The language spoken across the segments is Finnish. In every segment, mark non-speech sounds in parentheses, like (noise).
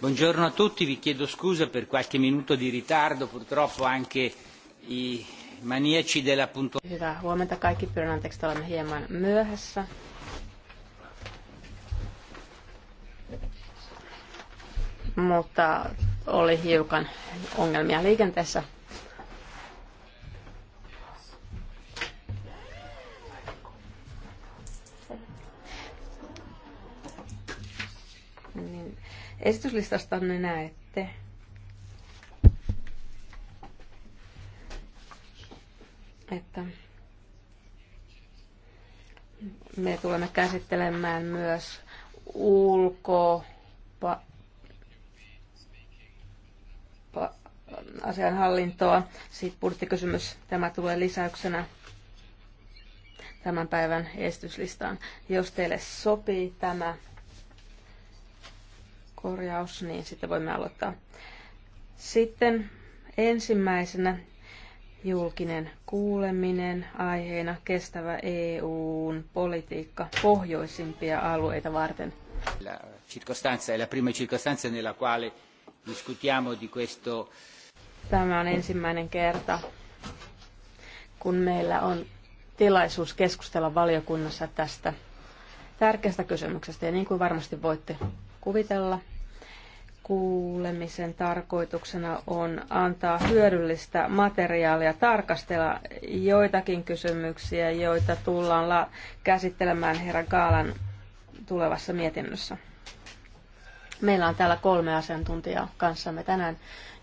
Buongiorno a tutti, vi chiedo scusa per qualche minuto di ritardo, purtroppo anche i maniaci della puntualità. Hyvää huomenta kaikki, pyydän anteeksi, että olemme hieman myöhässä. Mutta oli hiukan ongelmia liikenteessä ne näette. Että me tulemme käsittelemään myös ulko asianhallintoa. Siitä budjettikysymys, tämä tulee lisäyksenä tämän päivän estyslistaan. Jos teille sopii tämä, korjaus, niin sitten voimme aloittaa. Sitten ensimmäisenä julkinen kuuleminen aiheena kestävä EUn politiikka pohjoisimpia alueita varten. La circostanza è la prima circostanza nella quale discutiamo di questo Tämä on ensimmäinen kerta, kun meillä on tilaisuus keskustella valiokunnassa tästä tärkeästä kysymyksestä. Ja niin kuin varmasti voitte kuvitella, Kuulemisen tarkoituksena on antaa hyödyllistä materiaalia, tarkastella joitakin kysymyksiä, joita tullaan la- käsittelemään herra Kaalan tulevassa mietinnössä. Meillä on täällä kolme asiantuntijaa kanssamme tänään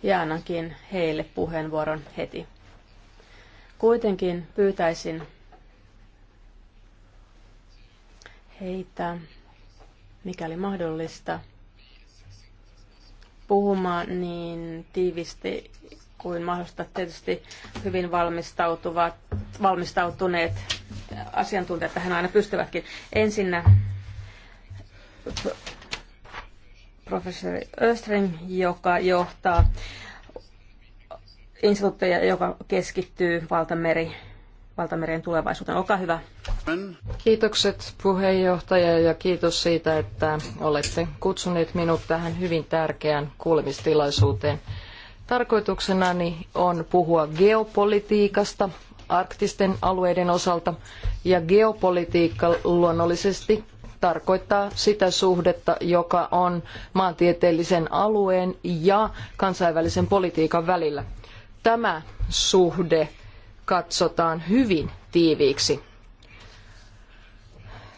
ja annankin heille puheenvuoron heti. Kuitenkin pyytäisin heitä, mikäli mahdollista, puhumaan niin tiivisti kuin mahdollista. Tietysti hyvin valmistautuvat, valmistautuneet asiantuntijat tähän aina pystyvätkin. Ensinnä professori Östring, joka johtaa instituuttia, joka keskittyy valtameri valtameren tulevaisuuteen. Olkaa hyvä. Kiitokset puheenjohtaja ja kiitos siitä, että olette kutsuneet minut tähän hyvin tärkeään kuulemistilaisuuteen. Tarkoituksenani on puhua geopolitiikasta arktisten alueiden osalta ja geopolitiikka luonnollisesti tarkoittaa sitä suhdetta, joka on maantieteellisen alueen ja kansainvälisen politiikan välillä. Tämä suhde katsotaan hyvin tiiviiksi.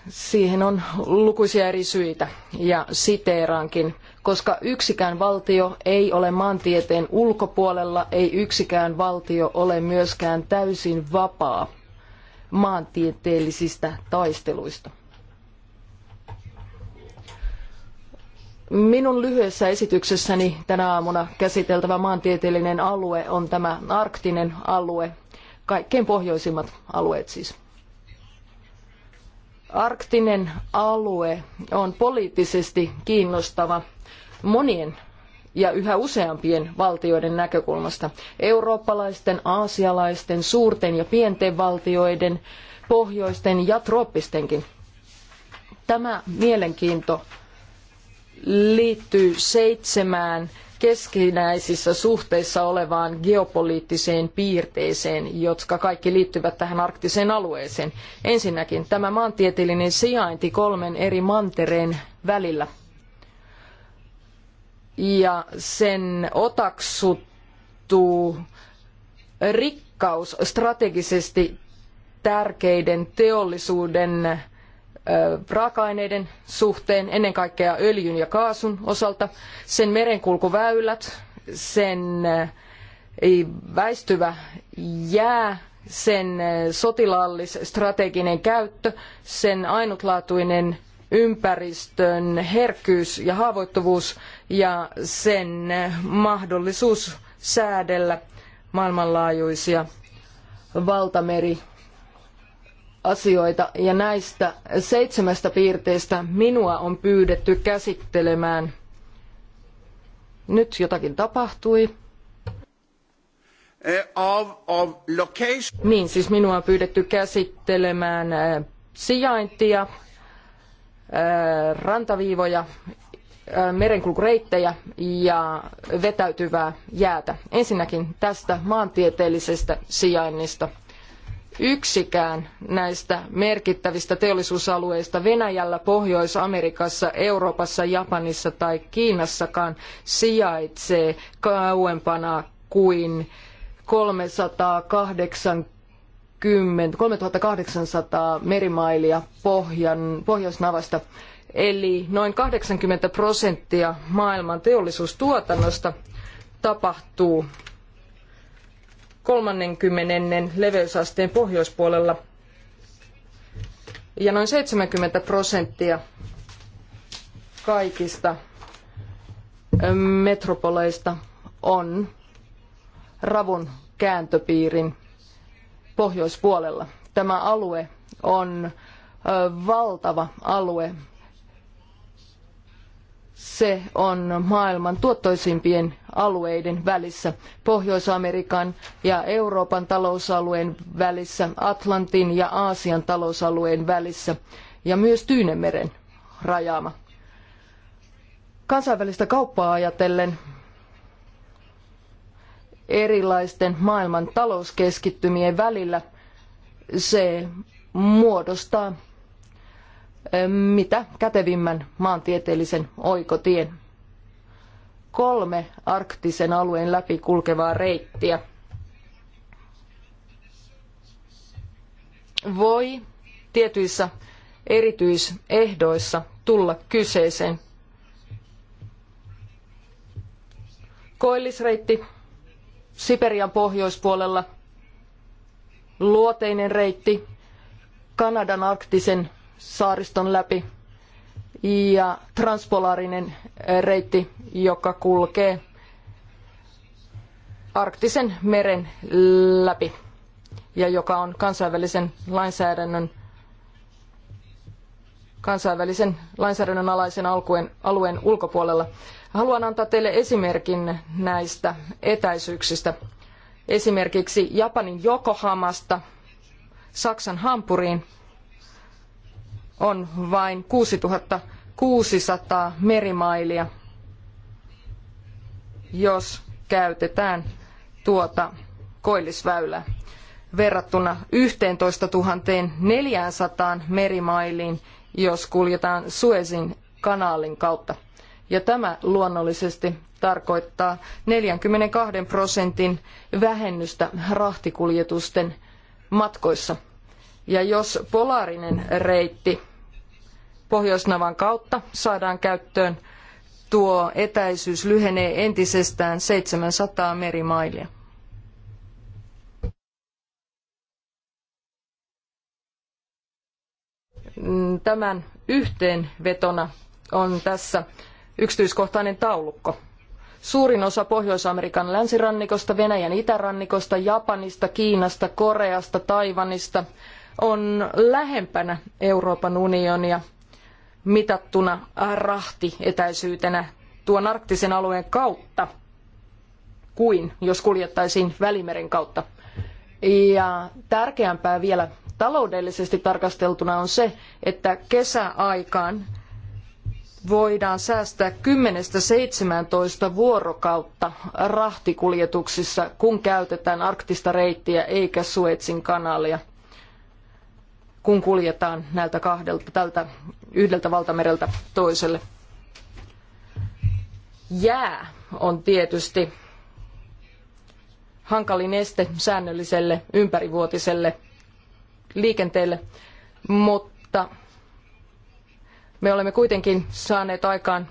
Siihen on lukuisia eri syitä ja siteeraankin, koska yksikään valtio ei ole maantieteen ulkopuolella, ei yksikään valtio ole myöskään täysin vapaa maantieteellisistä taisteluista. Minun lyhyessä esityksessäni tänä aamuna käsiteltävä maantieteellinen alue on tämä arktinen alue, kaikkein pohjoisimmat alueet siis. Arktinen alue on poliittisesti kiinnostava monien ja yhä useampien valtioiden näkökulmasta. Eurooppalaisten, aasialaisten, suurten ja pienten valtioiden, pohjoisten ja trooppistenkin. Tämä mielenkiinto liittyy seitsemään keskinäisissä suhteissa olevaan geopoliittiseen piirteeseen, jotka kaikki liittyvät tähän arktiseen alueeseen. Ensinnäkin tämä maantieteellinen sijainti kolmen eri mantereen välillä ja sen otaksuttu rikkaus strategisesti tärkeiden teollisuuden raaka-aineiden suhteen, ennen kaikkea öljyn ja kaasun osalta, sen merenkulkuväylät, sen väistyvä jää, sen sotilaallisstrateginen käyttö, sen ainutlaatuinen ympäristön herkkyys ja haavoittuvuus ja sen mahdollisuus säädellä maailmanlaajuisia valtameri asioita ja näistä seitsemästä piirteestä minua on pyydetty käsittelemään. Nyt jotakin tapahtui. Eh, of, of niin, siis minua on pyydetty käsittelemään eh, sijaintia, eh, rantaviivoja, merenkulkureittejä ja vetäytyvää jäätä. Ensinnäkin tästä maantieteellisestä sijainnista yksikään näistä merkittävistä teollisuusalueista Venäjällä, Pohjois-Amerikassa, Euroopassa, Japanissa tai Kiinassakaan sijaitsee kauempana kuin 380 3800 merimailia pohjan, pohjoisnavasta, eli noin 80 prosenttia maailman teollisuustuotannosta tapahtuu 30 leveysasteen pohjoispuolella ja noin 70 prosenttia kaikista metropoleista on ravun kääntöpiirin pohjoispuolella. Tämä alue on valtava alue. Se on maailman tuottoisimpien alueiden välissä, Pohjois-Amerikan ja Euroopan talousalueen välissä, Atlantin ja Aasian talousalueen välissä ja myös Tyynemeren rajaama. Kansainvälistä kauppaa ajatellen erilaisten maailman talouskeskittymien välillä se muodostaa eh, mitä kätevimmän maantieteellisen oikotien kolme arktisen alueen läpi kulkevaa reittiä voi tietyissä erityisehdoissa tulla kyseeseen. Koillisreitti Siperian pohjoispuolella, luoteinen reitti Kanadan arktisen saariston läpi – ja transpolarinen eh, reitti, joka kulkee arktisen meren läpi ja joka on kansainvälisen lainsäädännön kansainvälisen lainsäädännön alaisen alueen, alueen ulkopuolella. Haluan antaa teille esimerkin näistä etäisyyksistä. Esimerkiksi Japanin Yokohamasta Saksan Hampuriin on vain 6600 merimailia, jos käytetään tuota koillisväylää verrattuna 11 400 merimailiin, jos kuljetaan Suezin kanaalin kautta. Ja tämä luonnollisesti tarkoittaa 42 prosentin vähennystä rahtikuljetusten matkoissa. Ja jos polaarinen reitti Pohjoisnavan kautta saadaan käyttöön, tuo etäisyys lyhenee entisestään 700 merimailia. Tämän yhteenvetona on tässä yksityiskohtainen taulukko. Suurin osa Pohjois-Amerikan länsirannikosta, Venäjän itärannikosta, Japanista, Kiinasta, Koreasta, Taivanista on lähempänä Euroopan unionia – mitattuna rahti tuon arktisen alueen kautta kuin jos kuljettaisiin Välimeren kautta. Ja tärkeämpää vielä taloudellisesti tarkasteltuna on se, että kesäaikaan voidaan säästää 10-17 vuorokautta rahtikuljetuksissa, kun käytetään arktista reittiä eikä Suetsin kanalia kun kuljetaan näiltä kahdelta, tältä yhdeltä valtamereltä toiselle. Jää on tietysti hankalin este säännölliselle ympärivuotiselle liikenteelle, mutta me olemme kuitenkin saaneet aikaan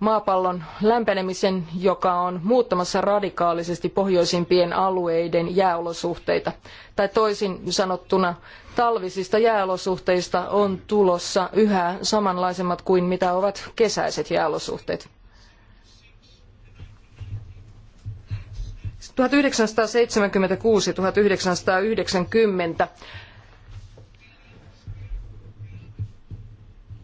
maapallon lämpenemisen, joka on muuttamassa radikaalisesti pohjoisimpien alueiden jääolosuhteita. Tai toisin sanottuna, talvisista jääolosuhteista on tulossa yhä samanlaisemmat kuin mitä ovat kesäiset jääolosuhteet. 1976-1990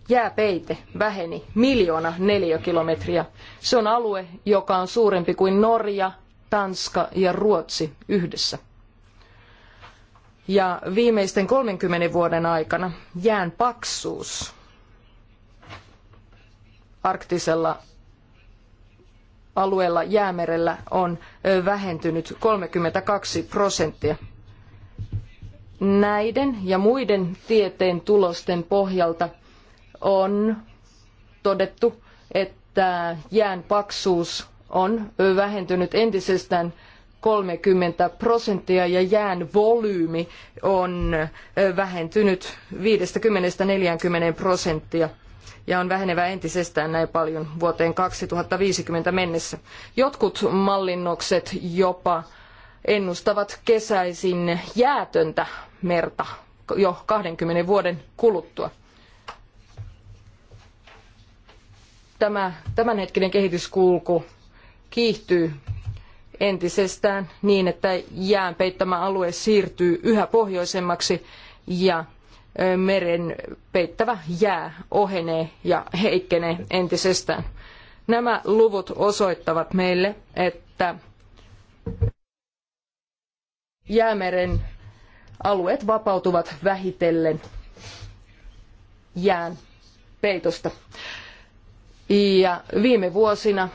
jääpeite väheni miljoona neliökilometriä. Se on alue, joka on suurempi kuin Norja, Tanska ja Ruotsi yhdessä. Ja viimeisten 30 vuoden aikana jään paksuus arktisella alueella jäämerellä on vähentynyt 32 prosenttia. Näiden ja muiden tieteen tulosten pohjalta – on todettu, että jään paksuus on vähentynyt entisestään 30 prosenttia ja jään volyymi on vähentynyt 50-40 prosenttia ja on vähenevä entisestään näin paljon vuoteen 2050 mennessä. Jotkut mallinnokset jopa ennustavat kesäisin jäätöntä merta jo 20 vuoden kuluttua. tämä tämänhetkinen kehityskulku kiihtyy entisestään niin, että jään peittämä alue siirtyy yhä pohjoisemmaksi ja meren peittävä jää ohenee ja heikkenee entisestään. Nämä luvut osoittavat meille, että jäämeren alueet vapautuvat vähitellen jään peitosta. Ja viime vuosina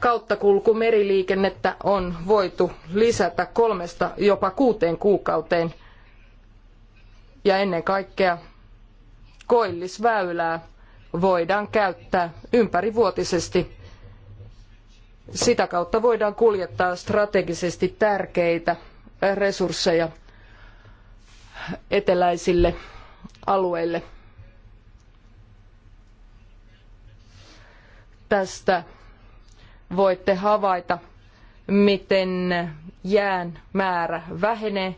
kauttakulkumeriliikennettä on voitu lisätä kolmesta jopa kuuteen kuukauteen. Ja ennen kaikkea koillisväylää voidaan käyttää ympärivuotisesti. Sitä kautta voidaan kuljettaa strategisesti tärkeitä resursseja eteläisille alueille – Tästä voitte havaita, miten jään määrä vähenee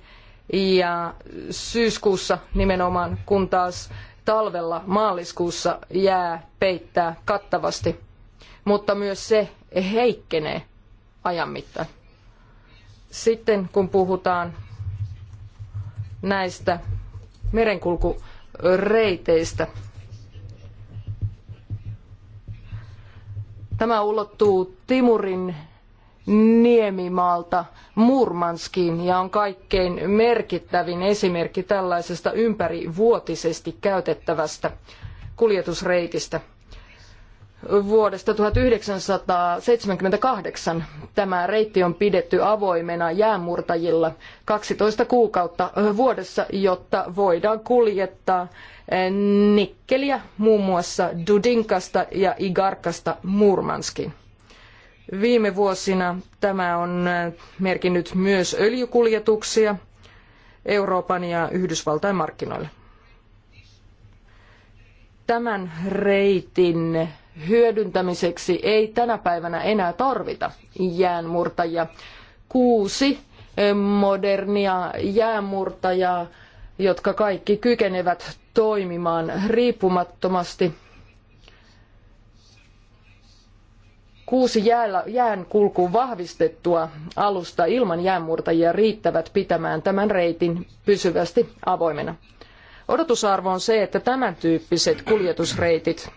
ja syyskuussa nimenomaan, kun taas talvella maaliskuussa jää peittää kattavasti, mutta myös se heikkenee ajan mittaan. Sitten kun puhutaan näistä merenkulkureiteistä, Tämä ulottuu Timurin Niemimaalta Murmanskiin ja on kaikkein merkittävin esimerkki tällaisesta ympärivuotisesti käytettävästä kuljetusreitistä vuodesta 1978. Tämä reitti on pidetty avoimena jäänmurtajilla 12 kuukautta vuodessa, jotta voidaan kuljettaa nikkeliä muun muassa Dudinkasta ja Igarkasta Murmanskiin. Viime vuosina tämä on merkinnyt myös öljykuljetuksia Euroopan ja Yhdysvaltain markkinoille. Tämän reitin hyödyntämiseksi ei tänä päivänä enää tarvita jäänmurtajia. Kuusi eh, modernia jäänmurtajaa, jotka kaikki kykenevät toimimaan riippumattomasti. Kuusi jäällä, vahvistettua alusta ilman jäänmurtajia riittävät pitämään tämän reitin pysyvästi avoimena. Odotusarvo on se, että tämän tyyppiset kuljetusreitit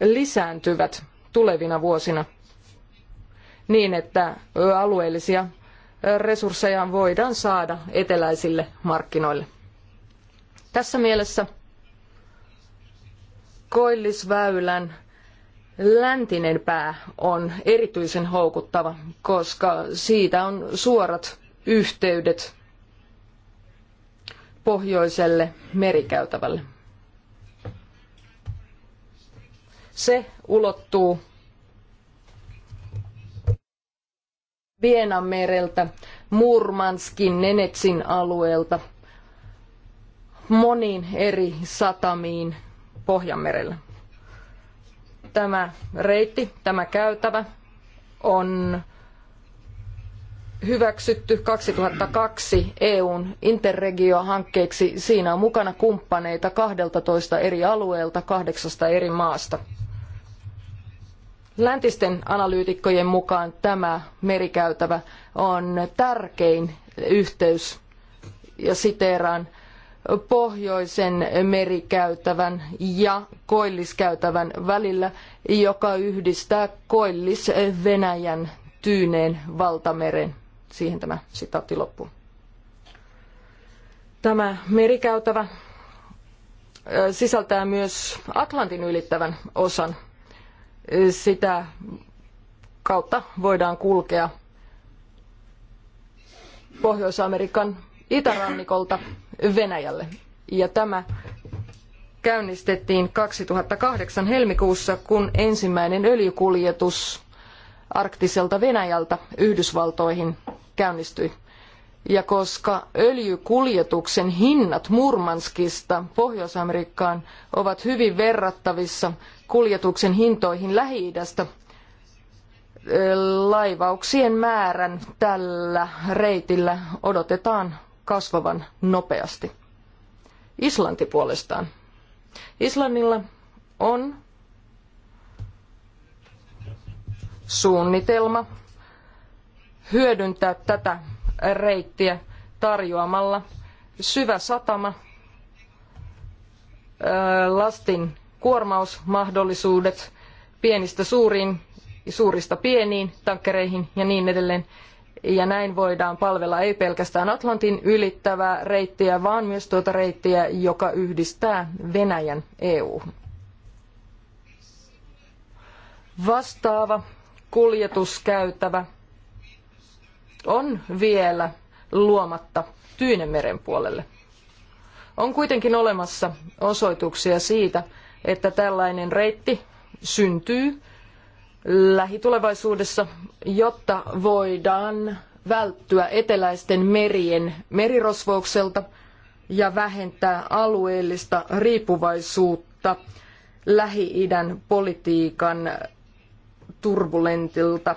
lisääntyvät tulevina vuosina niin, että alueellisia resursseja voidaan saada eteläisille markkinoille. Tässä mielessä koillisväylän läntinen pää on erityisen houkuttava, koska siitä on suorat yhteydet pohjoiselle merikäytävälle. Se ulottuu Vienanmereltä, Murmanskin, Nenetsin alueelta moniin eri satamiin Pohjanmerellä. Tämä reitti, tämä käytävä on hyväksytty 2002 EUn Interregio-hankkeeksi. Siinä on mukana kumppaneita 12 eri alueelta, kahdeksasta eri maasta. Läntisten analyytikkojen mukaan tämä merikäytävä on tärkein yhteys, ja siteeraan, pohjoisen merikäytävän ja koilliskäytävän välillä, joka yhdistää koillis-Venäjän tyyneen valtameren. Siihen tämä sitaatti loppuu. Tämä merikäytävä sisältää myös Atlantin ylittävän osan sitä kautta voidaan kulkea Pohjois-Amerikan itärannikolta Venäjälle. Ja tämä käynnistettiin 2008 helmikuussa, kun ensimmäinen öljykuljetus arktiselta Venäjältä Yhdysvaltoihin käynnistyi. Ja koska öljykuljetuksen hinnat Murmanskista Pohjois-Amerikkaan ovat hyvin verrattavissa kuljetuksen hintoihin Lähi-idästä laivauksien määrän tällä reitillä odotetaan kasvavan nopeasti. Islanti puolestaan. Islannilla on suunnitelma hyödyntää tätä reittiä tarjoamalla syvä satama lastin kuormausmahdollisuudet pienistä suuriin, suurista pieniin tankkereihin ja niin edelleen. Ja näin voidaan palvella ei pelkästään Atlantin ylittävää reittiä, vaan myös tuota reittiä, joka yhdistää Venäjän EU-hun. Vastaava kuljetuskäytävä on vielä luomatta Tyynenmeren puolelle. On kuitenkin olemassa osoituksia siitä, että tällainen reitti syntyy lähitulevaisuudessa, jotta voidaan välttyä eteläisten merien merirosvoukselta ja vähentää alueellista riippuvaisuutta Lähi-idän politiikan turbulentilta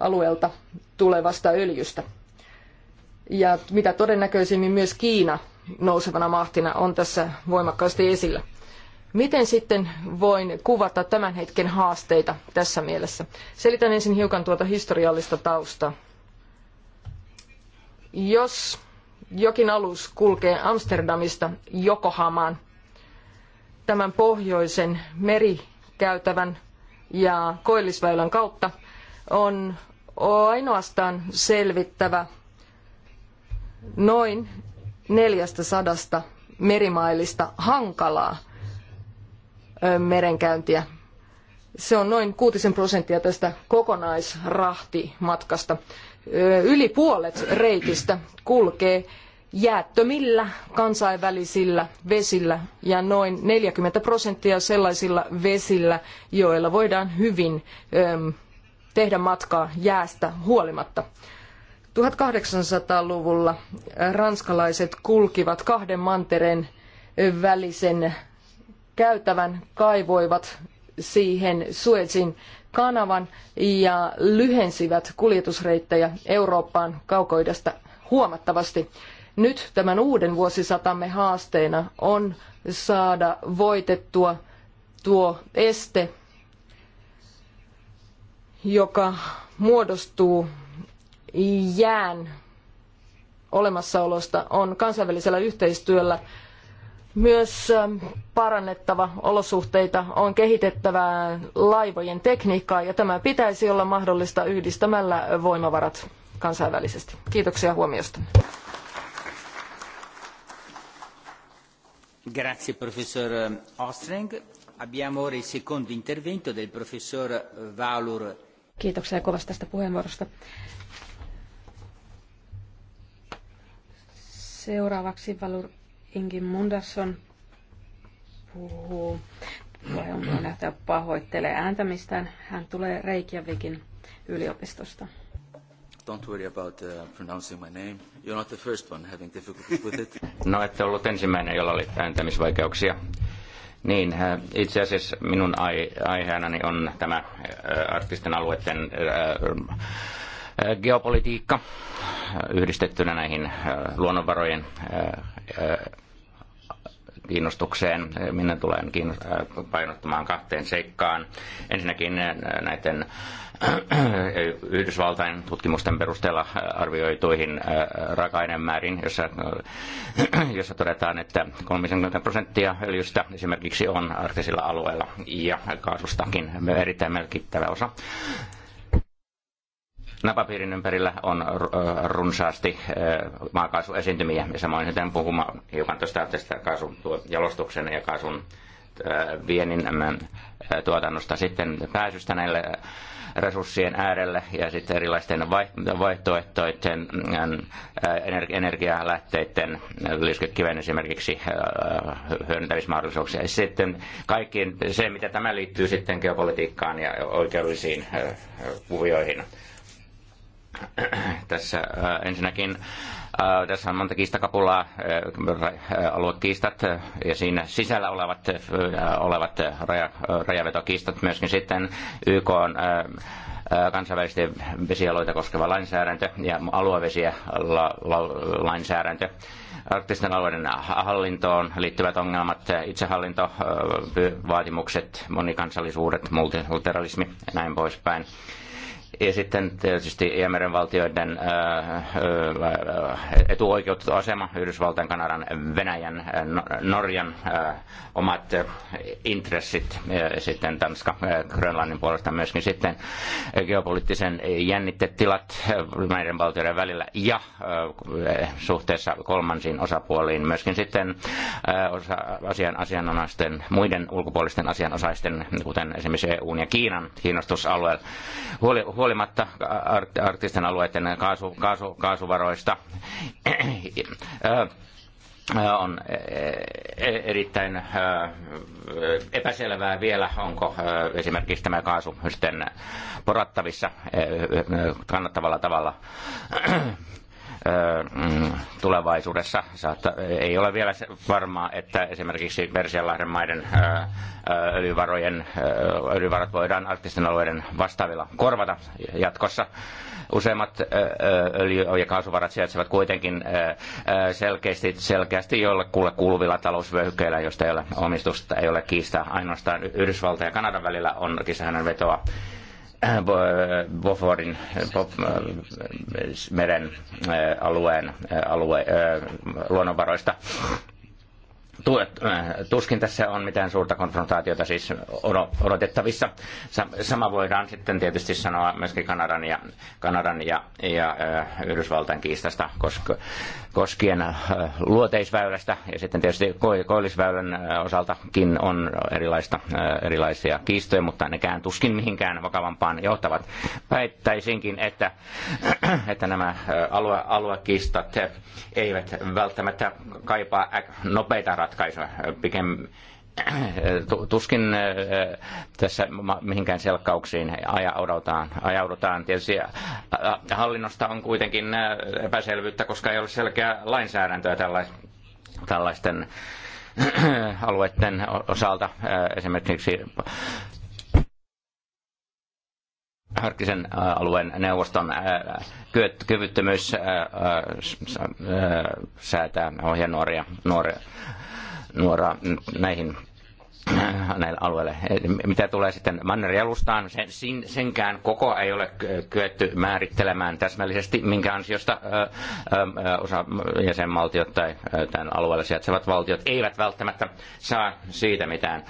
alueelta tulevasta öljystä. Ja mitä todennäköisimmin myös Kiina nousevana mahtina on tässä voimakkaasti esillä. Miten sitten voin kuvata tämän hetken haasteita tässä mielessä? Selitän ensin hiukan tuota historiallista taustaa. Jos jokin alus kulkee Amsterdamista Jokohamaan, tämän pohjoisen merikäytävän ja koillisväylän kautta, on ainoastaan selvittävä noin 400 merimailista hankalaa merenkäyntiä. Se on noin kuutisen prosenttia tästä kokonaisrahtimatkasta. Yli puolet reitistä kulkee jäättömillä kansainvälisillä vesillä ja noin 40 prosenttia sellaisilla vesillä, joilla voidaan hyvin tehdä matkaa jäästä huolimatta. 1800-luvulla ranskalaiset kulkivat kahden mantereen välisen käytävän kaivoivat siihen Suezin kanavan ja lyhensivät kuljetusreittejä Eurooppaan kaukoidasta huomattavasti. Nyt tämän uuden vuosisatamme haasteena on saada voitettua tuo este, joka muodostuu jään olemassaolosta, on kansainvälisellä yhteistyöllä myös ähm, parannettava olosuhteita on kehitettävä laivojen tekniikkaa ja tämä pitäisi olla mahdollista yhdistämällä voimavarat kansainvälisesti. Kiitoksia huomiosta. Grazie professor Ostring. Abbiamo ora il secondo intervento del professor Valur. Kiitoksia kovasta tästä puheenvuorosta. Seuraavaksi Valur Ingi Mundasson puhuu, vai puheenjohtaja niin, pahoittelee ääntämistään. Hän tulee Reykjavikin yliopistosta. Don't worry about uh, pronouncing my name. You're not the first one having difficulties with it. (laughs) No, ette ollut ensimmäinen, jolla oli ääntämisvaikeuksia. Niin, äh, itse asiassa minun ai- aiheenani on tämä äh, artisten alueiden äh, geopolitiikka yhdistettynä näihin äh, luonnonvarojen äh, äh, kiinnostukseen. minne tulen painottamaan kahteen seikkaan. Ensinnäkin näiden Yhdysvaltain tutkimusten perusteella arvioituihin raaka määrin, jossa, jossa todetaan, että 30 prosenttia öljystä esimerkiksi on arktisilla alueilla ja kaasustakin erittäin merkittävä osa napapiirin ympärillä on äh, runsaasti äh, maakaasuesiintymiä. Ja samoin sitten puhumme hiukan tuosta tästä kaasun jalostuksen ja kaasun äh, viennin tuotannosta sitten pääsystä näille resurssien äärelle ja sitten erilaisten vaihtoehtoiden energialähteiden liuskekiven esimerkiksi hyödyntämismahdollisuuksia. Sitten kaikkiin se, mitä tämä liittyy sitten geopolitiikkaan ja oikeudellisiin kuvioihin (clears throat) tässä äh, ensinnäkin äh, tässä on monta kiistakapulaa, äh, aluekiistat ja siinä sisällä olevat, olevat raja, rajavetokiistat myöskin sitten YK on kansainvälisten vesialoita koskeva lainsäädäntö ja aluevesiä la, la, lainsäädäntö arktisten alueiden hallintoon liittyvät ongelmat, itsehallintovaatimukset, monikansallisuudet, multilateralismi ja näin poispäin. Ja sitten tietysti Iämeren valtioiden äh, äh, etuoikeutettu asema, Yhdysvaltain, Kanadan, Venäjän, äh, no-, Norjan omat intressit, ja sitten Tanska, Grönlannin puolesta myöskin sitten geopoliittisen jännitetilat näiden valtioiden välillä ja suhteessa kolmansiin osapuoliin myöskin sitten asian, asianomaisten, muiden ulkopuolisten asianosaisten, kuten esimerkiksi EUn ja Kiinan kiinnostusalueella. Huoli, huolimatta arktisten alueiden kaasu, kaasu, kaasuvaroista äh, äh, on äh, erittäin epäselvää vielä, onko esimerkiksi tämä kaasu sitten porattavissa kannattavalla tavalla Mm, tulevaisuudessa. Saatta, ei ole vielä varmaa, että esimerkiksi Persianlahden maiden öljyvarojen, öljyvarat voidaan arktisten alueiden vastaavilla korvata jatkossa. Useimmat öljy- ja kaasuvarat sijaitsevat kuitenkin selkeästi, selkeästi jollekulle kuuluvilla talousvyöhykkeillä, joista ei ole omistusta, ei ole kiistaa. Ainoastaan Yhdysvaltain ja Kanadan välillä on kiistahan vetoa Äh, Boforin äh, meren äh, alueen alue, luonnonvaroista. Äh, tuskin tässä on mitään suurta konfrontaatiota siis odotettavissa. Sama voidaan sitten tietysti sanoa myöskin Kanadan ja, Kanadan ja, ja äh, Yhdysvaltain kiistasta koskien äh, luoteisväylästä ja sitten tietysti koillisväylän osaltakin on erilaista, erilaisia kiistoja, mutta nekään tuskin mihinkään vakavampaan johtavat. Päittäisinkin, että, (clears throat) että nämä alue, aluekiistat eivät välttämättä kaipaa nopeita ratkaisuja ratkaisu. Pikem, (clears throat) tuskin äh, tässä mihinkään selkkauksiin ajaudutaan. ajaudutaan. Tietysti äh, hallinnosta on kuitenkin äh, epäselvyyttä, koska ei ole selkeää lainsäädäntöä tällaisten (clears throat) alueiden osalta. Esimerkiksi Harkisen alueen neuvoston kyvyttömyys säätää ohjenuoria nuoria nuora näihin äh, näille alueille. Mitä tulee sitten mannerialustaan, sen, senkään koko ei ole kyetty määrittelemään täsmällisesti, minkä ansiosta ö, ö, osa jäsenvaltiot tai tämän alueella sijaitsevat valtiot eivät välttämättä saa siitä mitään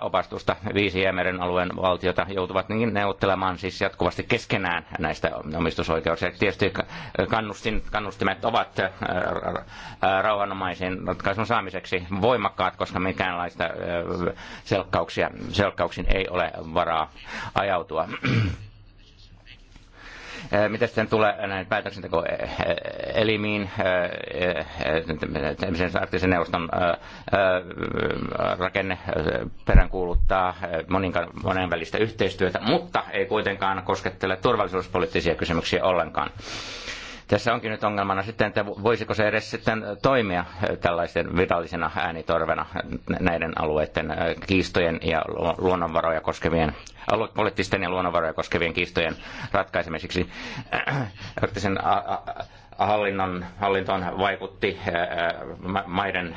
opastusta. Viisi Jäämeren alueen valtiota joutuvat niin neuvottelemaan siis jatkuvasti keskenään näistä omistusoikeuksista. Tietysti kannustin, kannustimet ovat äh, äh, rauhanomaisen ratkaisun saamiseksi voimakkaat, koska minkäänlaista äh, selkkauksia, selkkauksiin ei ole varaa ajautua. Mitä sitten tulee näihin päätöksentekoelimiin, arktisen neuvoston rakenne peräänkuuluttaa monenvälistä yhteistyötä, mutta ei kuitenkaan koskettele turvallisuuspoliittisia kysymyksiä ollenkaan. Tässä onkin nyt ongelmana sitten, että voisiko se edes sitten toimia eh, tällaisen virallisena äänitorvena näiden alueiden eh, kiistojen ja luonnonvaroja koskevien, poliittisten ja luonnonvaroja koskevien kiistojen ratkaisemiseksi. Eh, arktisen hallinnon, hallintoon vaikutti maiden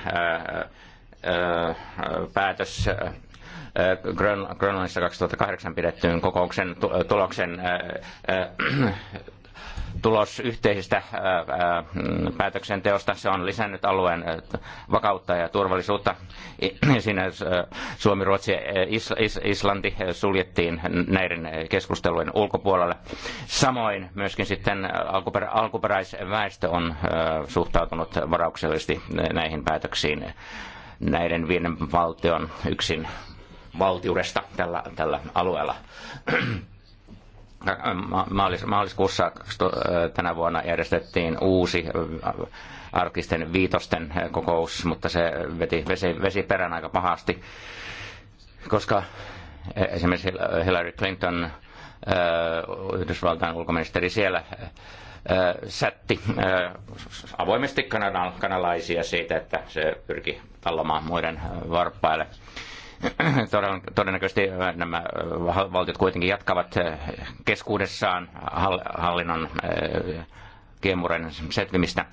päätös Grönlannissa 2008 pidettyyn kokouksen tuloksen tulos yhteisestä mm, päätöksenteosta. Se on lisännyt alueen vakautta ja turvallisuutta. Siinä Suomi, Ruotsi ja Islanti suljettiin näiden keskustelujen ulkopuolelle. Samoin myöskin sitten alkuperäisväestö on suhtautunut varauksellisesti näihin päätöksiin näiden viiden valtion yksin valtiudesta tällä, tällä alueella. Äh, äh, maaliskuussa äh, tänä vuonna järjestettiin uusi arkisten viitosten kokous, mutta se veti vesi, vesiperän aika pahasti, koska e-, esimerkiksi Hillary Clinton, Yhdysvaltain ulkoministeri siellä, sätti avoimesti kanalaisia, siitä, että se pyrki tallomaan muiden varpaille. Todennäköisesti äh, nämä äh, valtiot kuitenkin jatkavat äh, keskuudessaan hallinnon kiemuren setvimistä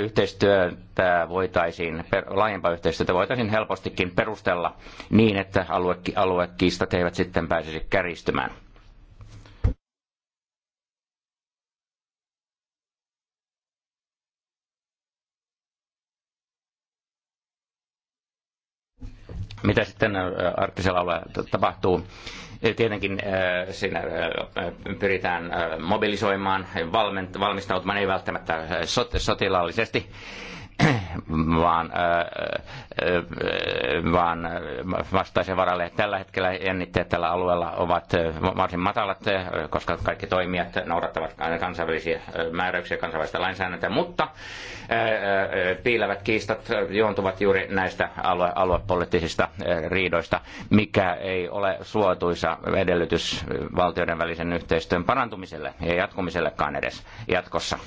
yhteistyötä voitaisiin, laajempaa yhteistyötä voitaisiin helpostikin perustella niin, että aluekiistat eivät sitten pääsisi käristymään. Mitä sitten äh, arktisella alueella tapahtuu? Tietenkin äh, siinä äh, pyritään mobilisoimaan, valmistautumaan, ei välttämättä sotilaallisesti (clears throat) vaan, vaan vastaisen varalle. Tällä hetkellä jännitteet tällä alueella ovat varsin matalat, koska kaikki toimijat noudattavat kansainvälisiä määräyksiä kansainvälistä lainsäädäntöä, mutta piilevät kiistat juontuvat juuri näistä alue, aluepoliittisista riidoista, mikä ei ole suotuisa edellytys valtioiden välisen yhteistyön parantumiselle ja jatkumisellekaan edes jatkossa.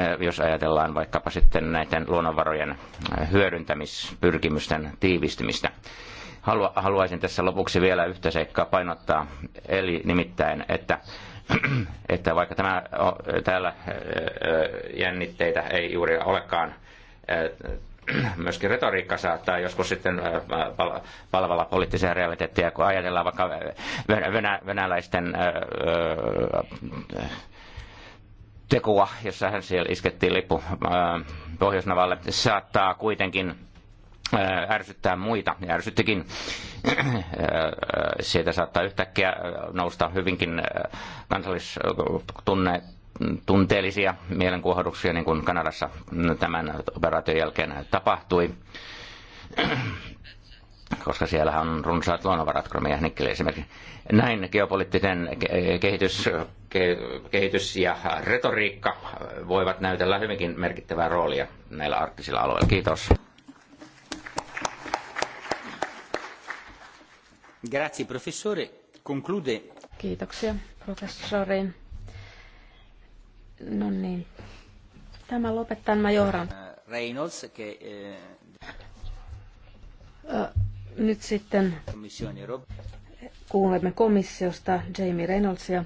Äh, jos ajatellaan vaikkapa sitten näiden luonnonvarojen äh, hyödyntämispyrkimysten tiivistymistä. Haluaisin tässä lopuksi vielä yhtä seikkaa painottaa, eli nimittäin, että (clears throat) että vaikka tämä, täällä äh, jännitteitä ei juuri olekaan, (clears throat) myöskin retoriikka saattaa joskus sitten palvella poliittisia realiteetteja, kun ajatellaan vaikka venäläisten tekua, jossa hän siellä iskettiin lippu äh, Pohjoisnavalle, saattaa kuitenkin äh, ärsyttää muita, ärsyttikin. (clears throat) Äh, Siitä saattaa yhtäkkiä nousta hyvinkin kansallistunne tunteellisia mielenkuohduksia, niin kuin Kanadassa tämän operaation jälkeen tapahtui (clears throat) koska siellä on runsaat luonnonvarat, kromia ja esimerkiksi. Näin geopoliittinen kehitys kehitys ja retoriikka voivat näytellä hyvinkin merkittävää roolia näillä arktisilla aloilla. Kiitos. Grazie, professore. Conclude. Kiitoksia, professori. No niin. Tämä lopettaa, mä johdan. Eh, Reynolds, che, eh... Nyt sitten kuulemme komissiosta Jamie Reynoldsia.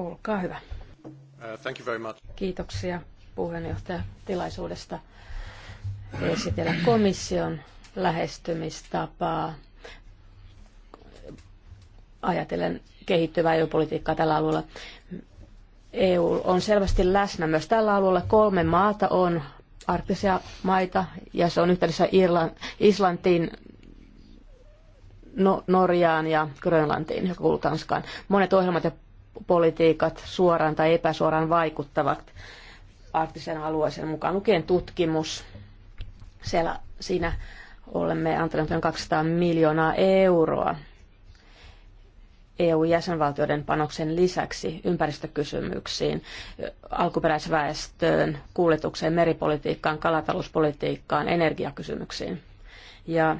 Olkaa hyvä. Uh, thank you very much. Kiitoksia puheenjohtaja tilaisuudesta esitellä komission lähestymistapaa ajatellen kehittyvää EU-politiikkaa tällä alueella. EU on selvästi läsnä myös tällä alueella. Kolme maata on arktisia maita ja se on yhteydessä Irlan, Islantiin, no, Norjaan ja Grönlantiin, joka kuuluu Tanskaan. Monet ohjelmat ja politiikat suoraan tai epäsuoraan vaikuttavat arktisen alueeseen mukaan lukien tutkimus. Siellä, siinä olemme antaneet noin 200 miljoonaa euroa EU-jäsenvaltioiden panoksen lisäksi ympäristökysymyksiin, alkuperäisväestöön, kuljetukseen, meripolitiikkaan, kalatalouspolitiikkaan, energiakysymyksiin. Ja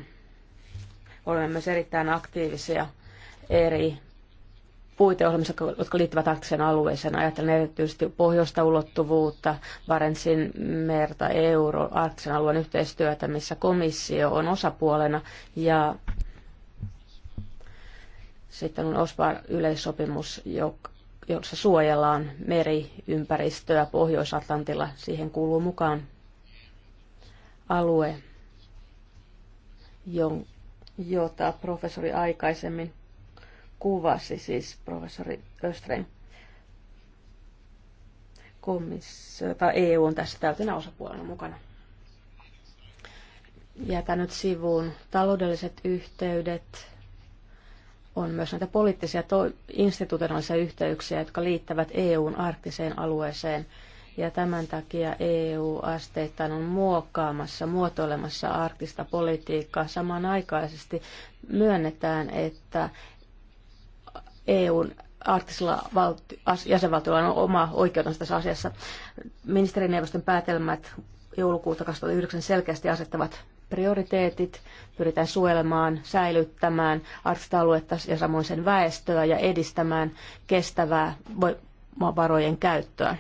olemme myös erittäin aktiivisia eri puiteohjelmissa, jotka liittyvät Arktisen alueeseen. Ajattelen erityisesti pohjoista ulottuvuutta, Varensin merta, euro, Arktisen alueen yhteistyötä, missä komissio on osapuolena ja sitten on OSPAR-yleissopimus, jossa suojellaan meriympäristöä Pohjois-Atlantilla. Siihen kuuluu mukaan alue, jota professori aikaisemmin kuvasi siis professori Östrein, Komissio, tai EU on tässä täytenä osapuolena mukana. Jätän nyt sivuun taloudelliset yhteydet. On myös näitä poliittisia to- institutionaalisia yhteyksiä, jotka liittävät EUn arktiseen alueeseen. Ja tämän takia EU asteittain on muokkaamassa, muotoilemassa arktista politiikkaa. Samanaikaisesti myönnetään, että EUn arktisilla valti- jäsenvaltioilla on oma oikeutensa tässä asiassa. Ministerineuvoston päätelmät joulukuuta 2009 selkeästi asettavat prioriteetit, pyritään suojelemaan, säilyttämään arktista aluetta ja samoin sen väestöä ja edistämään kestävää varojen käyttöä,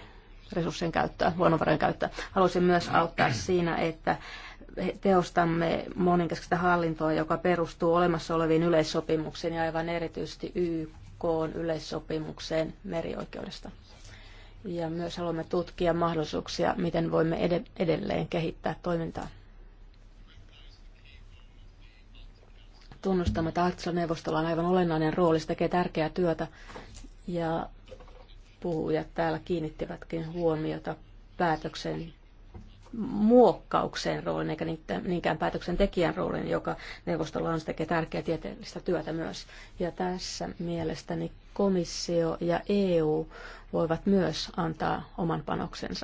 resurssien käyttöä, luonnonvarojen käyttöä. Haluaisin myös auttaa siinä, että tehostamme moninkeskistä hallintoa, joka perustuu olemassa oleviin yleissopimuksiin ja aivan erityisesti YK YKn yleissopimukseen merioikeudesta. Ja myös haluamme tutkia mahdollisuuksia, miten voimme edelleen kehittää toimintaa. Tunnustamme, että Arktisella neuvostolla on aivan olennainen rooli, se tekee tärkeää työtä ja puhujat täällä kiinnittivätkin huomiota päätöksen muokkauksen roolin, eikä niinkään päätöksentekijän roolin, joka neuvostolla on, tekee tärkeää tieteellistä työtä myös. Ja tässä mielestäni komissio ja EU voivat myös antaa oman panoksensa.